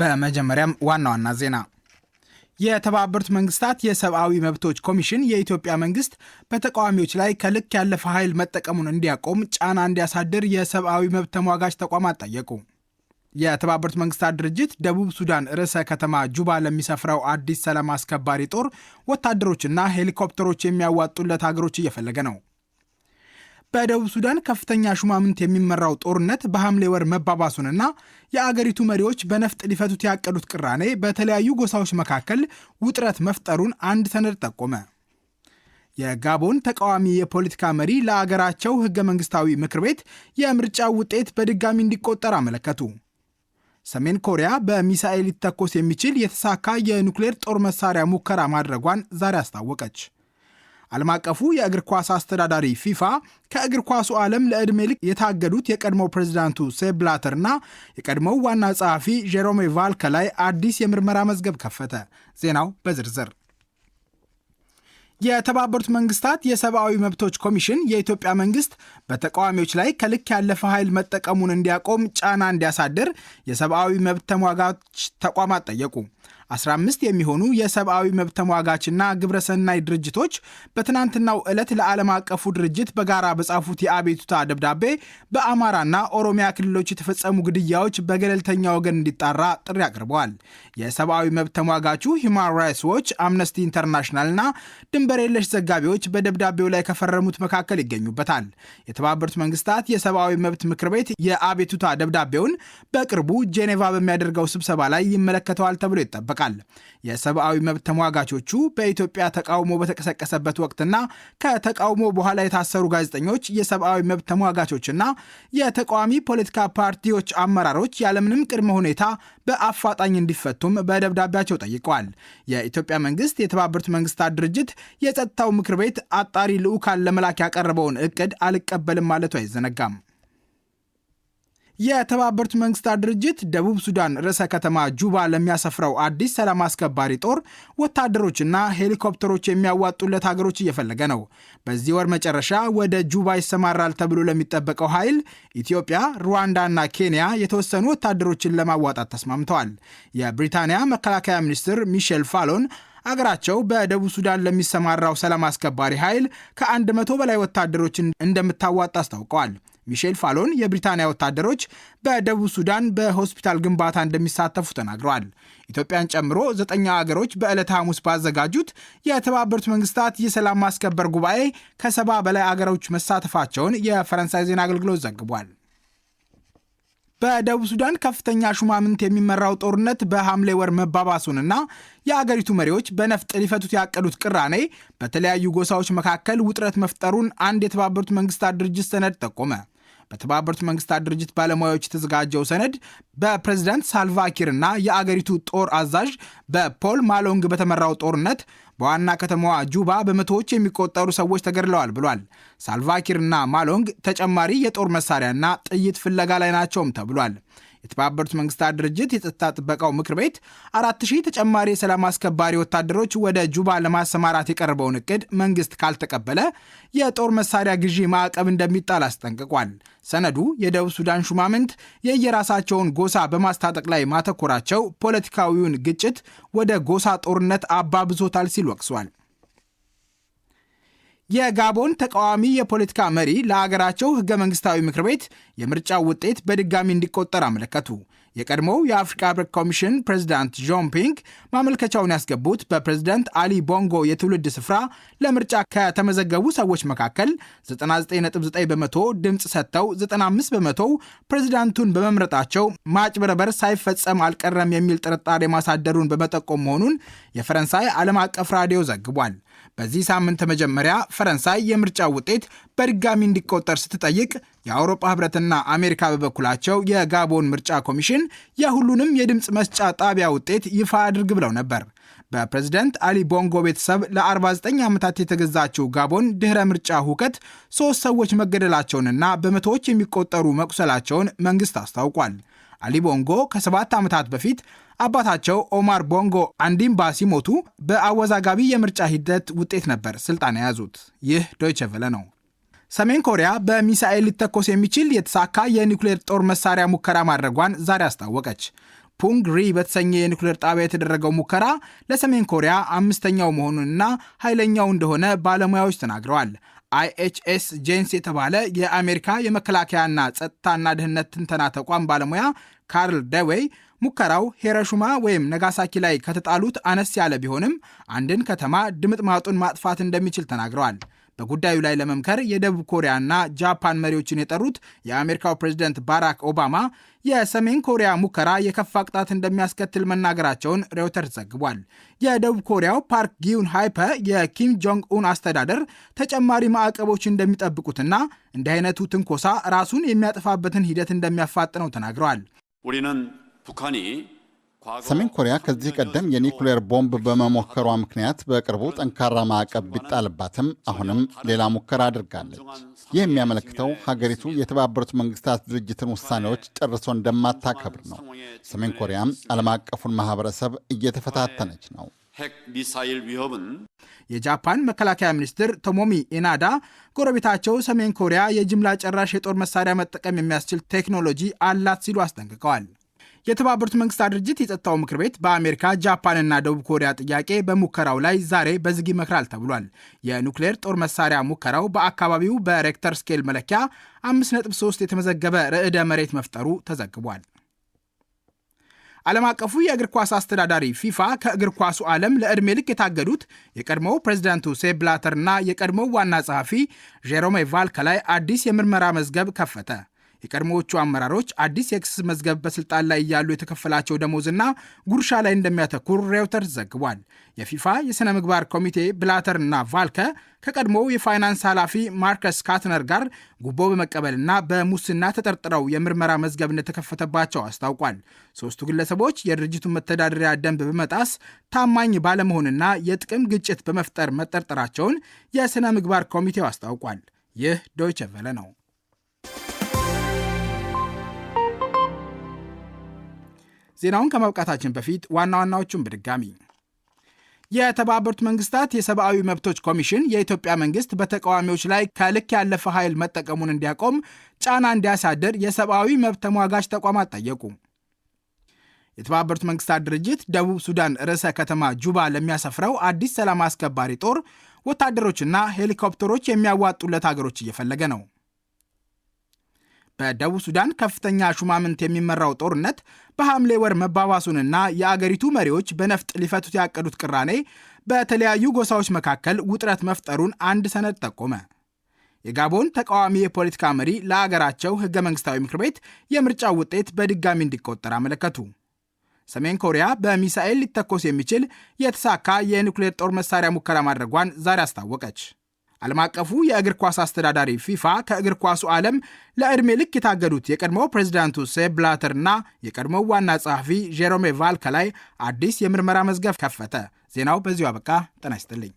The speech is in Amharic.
በመጀመሪያም ዋና ዋና ዜና የተባበሩት መንግስታት የሰብአዊ መብቶች ኮሚሽን የኢትዮጵያ መንግስት በተቃዋሚዎች ላይ ከልክ ያለፈ ኃይል መጠቀሙን እንዲያቆም ጫና እንዲያሳድር የሰብአዊ መብት ተሟጋች ተቋማት ጠየቁ። የተባበሩት መንግስታት ድርጅት ደቡብ ሱዳን ርዕሰ ከተማ ጁባ ለሚሰፍረው አዲስ ሰላም አስከባሪ ጦር ወታደሮችና ሄሊኮፕተሮች የሚያዋጡለት ሀገሮች እየፈለገ ነው። በደቡብ ሱዳን ከፍተኛ ሹማምንት የሚመራው ጦርነት በሐምሌ ወር መባባሱንና የአገሪቱ መሪዎች በነፍጥ ሊፈቱት ያቀዱት ቅራኔ በተለያዩ ጎሳዎች መካከል ውጥረት መፍጠሩን አንድ ሰነድ ጠቆመ። የጋቦን ተቃዋሚ የፖለቲካ መሪ ለአገራቸው ሕገ መንግሥታዊ ምክር ቤት የምርጫ ውጤት በድጋሚ እንዲቆጠር አመለከቱ። ሰሜን ኮሪያ በሚሳኤል ሊተኮስ የሚችል የተሳካ የኑክሌር ጦር መሳሪያ ሙከራ ማድረጓን ዛሬ አስታወቀች። ዓለም አቀፉ የእግር ኳስ አስተዳዳሪ ፊፋ ከእግር ኳሱ ዓለም ለዕድሜ ልክ የታገዱት የቀድሞ ፕሬዚዳንቱ ሴፕ እና የቀድሞው ዋና ጸሐፊ ጄሮሜ ቫልከ ላይ አዲስ የምርመራ መዝገብ ከፈተ። ዜናው በዝርዝር የተባበሩት መንግስታት የሰብአዊ መብቶች ኮሚሽን የኢትዮጵያ መንግስት በተቃዋሚዎች ላይ ከልክ ያለፈ ኃይል መጠቀሙን እንዲያቆም ጫና እንዲያሳድር የሰብአዊ መብት ተሟጋች ተቋማት ጠየቁ። 15 የሚሆኑ የሰብአዊ መብት ተሟጋችና ግብረሰናይ ድርጅቶች በትናንትናው ዕለት ለዓለም አቀፉ ድርጅት በጋራ በጻፉት የአቤቱታ ደብዳቤ በአማራና ኦሮሚያ ክልሎች የተፈጸሙ ግድያዎች በገለልተኛ ወገን እንዲጣራ ጥሪ አቅርበዋል። የሰብአዊ መብት ተሟጋቹ ሂማን ራይትስ ዎች፣ አምነስቲ ኢንተርናሽናልና ድንበር የለሽ ዘጋቢዎች በደብዳቤው ላይ ከፈረሙት መካከል ይገኙበታል። የተባበሩት መንግስታት የሰብአዊ መብት ምክር ቤት የአቤቱታ ደብዳቤውን በቅርቡ ጄኔቫ በሚያደርገው ስብሰባ ላይ ይመለከተዋል ተብሎ ይጠበቃል። ይጠይቃል። የሰብአዊ መብት ተሟጋቾቹ በኢትዮጵያ ተቃውሞ በተቀሰቀሰበት ወቅትና ከተቃውሞ በኋላ የታሰሩ ጋዜጠኞች፣ የሰብአዊ መብት ተሟጋቾችና የተቃዋሚ ፖለቲካ ፓርቲዎች አመራሮች ያለምንም ቅድመ ሁኔታ በአፋጣኝ እንዲፈቱም በደብዳቤያቸው ጠይቀዋል። የኢትዮጵያ መንግስት የተባበሩት መንግስታት ድርጅት የጸጥታው ምክር ቤት አጣሪ ልዑካን ለመላክ ያቀረበውን እቅድ አልቀበልም ማለቱ አይዘነጋም። የተባበሩት መንግስታት ድርጅት ደቡብ ሱዳን ርዕሰ ከተማ ጁባ ለሚያሰፍረው አዲስ ሰላም አስከባሪ ጦር ወታደሮችና ሄሊኮፕተሮች የሚያዋጡለት ሀገሮች እየፈለገ ነው። በዚህ ወር መጨረሻ ወደ ጁባ ይሰማራል ተብሎ ለሚጠበቀው ኃይል ኢትዮጵያ፣ ሩዋንዳና ኬንያ የተወሰኑ ወታደሮችን ለማዋጣት ተስማምተዋል። የብሪታንያ መከላከያ ሚኒስትር ሚሼል ፋሎን አገራቸው በደቡብ ሱዳን ለሚሰማራው ሰላም አስከባሪ ኃይል ከአንድ መቶ በላይ ወታደሮችን እንደምታዋጣ አስታውቀዋል። ሚሼል ፋሎን የብሪታንያ ወታደሮች በደቡብ ሱዳን በሆስፒታል ግንባታ እንደሚሳተፉ ተናግረዋል። ኢትዮጵያን ጨምሮ ዘጠኛ አገሮች በዕለተ ሐሙስ ባዘጋጁት የተባበሩት መንግስታት የሰላም ማስከበር ጉባኤ ከሰባ በላይ አገሮች መሳተፋቸውን የፈረንሳይ ዜና አገልግሎት ዘግቧል። በደቡብ ሱዳን ከፍተኛ ሹማምንት የሚመራው ጦርነት በሐምሌ ወር መባባሱንና የአገሪቱ መሪዎች በነፍጥ ሊፈቱት ያቀዱት ቅራኔ በተለያዩ ጎሳዎች መካከል ውጥረት መፍጠሩን አንድ የተባበሩት መንግስታት ድርጅት ሰነድ ጠቆመ። በተባበሩት መንግስታት ድርጅት ባለሙያዎች የተዘጋጀው ሰነድ በፕሬዝዳንት ሳልቫኪርና የአገሪቱ ጦር አዛዥ በፖል ማሎንግ በተመራው ጦርነት በዋና ከተማዋ ጁባ በመቶዎች የሚቆጠሩ ሰዎች ተገድለዋል ብሏል። ሳልቫኪርና ማሎንግ ተጨማሪ የጦር መሳሪያና ጥይት ፍለጋ ላይ ናቸውም ተብሏል። የተባበሩት መንግስታት ድርጅት የጸጥታ ጥበቃው ምክር ቤት አራት ሺህ ተጨማሪ የሰላም አስከባሪ ወታደሮች ወደ ጁባ ለማሰማራት የቀረበውን እቅድ መንግስት ካልተቀበለ የጦር መሳሪያ ግዢ ማዕቀብ እንደሚጣል አስጠንቅቋል። ሰነዱ የደቡብ ሱዳን ሹማምንት የየራሳቸውን ጎሳ በማስታጠቅ ላይ ማተኮራቸው ፖለቲካዊውን ግጭት ወደ ጎሳ ጦርነት አባብዞታል ሲል ወቅሷል። የጋቦን ተቃዋሚ የፖለቲካ መሪ ለሀገራቸው ህገ መንግስታዊ ምክር ቤት የምርጫው ውጤት በድጋሚ እንዲቆጠር አመለከቱ። የቀድሞው የአፍሪካ ህብረት ኮሚሽን ፕሬዚዳንት ጆን ፒንክ ማመልከቻውን ያስገቡት በፕሬዚዳንት አሊ ቦንጎ የትውልድ ስፍራ ለምርጫ ከተመዘገቡ ሰዎች መካከል 99.9 በመቶ ድምፅ ሰጥተው 95 በመቶ ፕሬዚዳንቱን በመምረጣቸው ማጭበረበር ሳይፈጸም አልቀረም የሚል ጥርጣሬ ማሳደሩን በመጠቆም መሆኑን የፈረንሳይ ዓለም አቀፍ ራዲዮ ዘግቧል። በዚህ ሳምንት መጀመሪያ ፈረንሳይ የምርጫ ውጤት በድጋሚ እንዲቆጠር ስትጠይቅ የአውሮፓ ህብረትና አሜሪካ በበኩላቸው የጋቦን ምርጫ ኮሚሽን የሁሉንም የድምፅ መስጫ ጣቢያ ውጤት ይፋ አድርግ ብለው ነበር። በፕሬዝደንት አሊ ቦንጎ ቤተሰብ ለ49 ዓመታት የተገዛችው ጋቦን ድኅረ ምርጫ ሁከት ሦስት ሰዎች መገደላቸውንና በመቶዎች የሚቆጠሩ መቁሰላቸውን መንግሥት አስታውቋል። አሊ ቦንጎ ከሰባት ዓመታት በፊት አባታቸው ኦማር ቦንጎ አንዲምባ ሲሞቱ በአወዛጋቢ የምርጫ ሂደት ውጤት ነበር ስልጣን የያዙት። ይህ ዶይቸ ቨለ ነው። ሰሜን ኮሪያ በሚሳኤል ሊተኮስ የሚችል የተሳካ የኒውክሌር ጦር መሳሪያ ሙከራ ማድረጓን ዛሬ አስታወቀች። ፑንግ ሪ በተሰኘ የኒውክሌር ጣቢያ የተደረገው ሙከራ ለሰሜን ኮሪያ አምስተኛው መሆኑንና ኃይለኛው እንደሆነ ባለሙያዎች ተናግረዋል። አይኤችኤስ ጄንስ የተባለ የአሜሪካ የመከላከያና ጸጥታና ደህንነት ትንተና ተቋም ባለሙያ ካርል ደዌይ ሙከራው ሄረሹማ ወይም ነጋሳኪ ላይ ከተጣሉት አነስ ያለ ቢሆንም አንድን ከተማ ድምጥ ማጡን ማጥፋት እንደሚችል ተናግረዋል። በጉዳዩ ላይ ለመምከር የደቡብ ኮሪያና ጃፓን መሪዎችን የጠሩት የአሜሪካው ፕሬዝደንት ባራክ ኦባማ የሰሜን ኮሪያ ሙከራ የከፋ ቅጣት እንደሚያስከትል መናገራቸውን ሬውተርስ ዘግቧል። የደቡብ ኮሪያው ፓርክ ጊዩን ሃይፐ የኪም ጆንግ ኡን አስተዳደር ተጨማሪ ማዕቀቦች እንደሚጠብቁትና እንዲህ አይነቱ ትንኮሳ ራሱን የሚያጠፋበትን ሂደት እንደሚያፋጥነው ተናግረዋል። ሰሜን ኮሪያ ከዚህ ቀደም የኒኩሌር ቦምብ በመሞከሯ ምክንያት በቅርቡ ጠንካራ ማዕቀብ ቢጣልባትም አሁንም ሌላ ሙከራ አድርጋለች። ይህ የሚያመለክተው ሀገሪቱ የተባበሩት መንግስታት ድርጅትን ውሳኔዎች ጨርሶ እንደማታከብር ነው። ሰሜን ኮሪያም ዓለም አቀፉን ማህበረሰብ እየተፈታተነች ነው። 핵 미사일 위협은 የጃፓን መከላከያ ሚኒስትር ቶሞሚ ኢናዳ ጎረቤታቸው ሰሜን ኮሪያ የጅምላ ጨራሽ የጦር መሳሪያ መጠቀም የሚያስችል ቴክኖሎጂ አላት ሲሉ አስጠንቅቀዋል። የተባበሩት መንግስታት ድርጅት የጸጥታው ምክር ቤት በአሜሪካ ጃፓንና ደቡብ ኮሪያ ጥያቄ በሙከራው ላይ ዛሬ በዝግ ይመክራል ተብሏል። የኑክሌር ጦር መሳሪያ ሙከራው በአካባቢው በሬክተር ስኬል መለኪያ 5.3 የተመዘገበ ርዕደ መሬት መፍጠሩ ተዘግቧል። ዓለም አቀፉ የእግር ኳስ አስተዳዳሪ ፊፋ ከእግር ኳሱ ዓለም ለዕድሜ ልክ የታገዱት የቀድሞው ፕሬዚዳንቱ ሴፕ ብላተርና የቀድሞው ዋና ጸሐፊ ጄሮሜ ቫልከ ላይ አዲስ የምርመራ መዝገብ ከፈተ። የቀድሞዎቹ አመራሮች አዲስ የክስ መዝገብ በስልጣን ላይ እያሉ የተከፈላቸው ደሞዝና ጉርሻ ላይ እንደሚያተኩር ሬውተርስ ዘግቧል። የፊፋ የሥነ ምግባር ኮሚቴ ብላተርና ቫልከ ከቀድሞው የፋይናንስ ኃላፊ ማርከስ ካትነር ጋር ጉቦ በመቀበልና በሙስና ተጠርጥረው የምርመራ መዝገብ እንደተከፈተባቸው አስታውቋል። ሦስቱ ግለሰቦች የድርጅቱን መተዳደሪያ ደንብ በመጣስ ታማኝ ባለመሆንና የጥቅም ግጭት በመፍጠር መጠርጠራቸውን የሥነ ምግባር ኮሚቴው አስታውቋል። ይህ ዶይቸ ቨለ ነው። ዜናውን ከማብቃታችን በፊት ዋና ዋናዎቹን በድጋሚ የተባበሩት መንግስታት የሰብአዊ መብቶች ኮሚሽን የኢትዮጵያ መንግስት በተቃዋሚዎች ላይ ከልክ ያለፈ ኃይል መጠቀሙን እንዲያቆም ጫና እንዲያሳድር የሰብአዊ መብት ተሟጋች ተቋማት ጠየቁ። የተባበሩት መንግስታት ድርጅት ደቡብ ሱዳን ርዕሰ ከተማ ጁባ ለሚያሰፍረው አዲስ ሰላም አስከባሪ ጦር ወታደሮችና ሄሊኮፕተሮች የሚያዋጡለት ሀገሮች እየፈለገ ነው። በደቡብ ሱዳን ከፍተኛ ሹማምንት የሚመራው ጦርነት በሐምሌ ወር መባባሱንና የአገሪቱ መሪዎች በነፍጥ ሊፈቱት ያቀዱት ቅራኔ በተለያዩ ጎሳዎች መካከል ውጥረት መፍጠሩን አንድ ሰነድ ጠቆመ። የጋቦን ተቃዋሚ የፖለቲካ መሪ ለአገራቸው ሕገ መንግሥታዊ ምክር ቤት የምርጫው ውጤት በድጋሚ እንዲቆጠር አመለከቱ። ሰሜን ኮሪያ በሚሳኤል ሊተኮስ የሚችል የተሳካ የኒውክሌር ጦር መሳሪያ ሙከራ ማድረጓን ዛሬ አስታወቀች። ዓለም አቀፉ የእግር ኳስ አስተዳዳሪ ፊፋ ከእግር ኳሱ ዓለም ለዕድሜ ልክ የታገዱት የቀድሞው ፕሬዚዳንቱ ሴፕ እና የቀድሞው ዋና ጸሐፊ ጄሮሜ ቫልከ ላይ አዲስ የምርመራ መዝገብ ከፈተ። ዜናው በዚሁ አበቃ። ጤና ይስጥልኝ።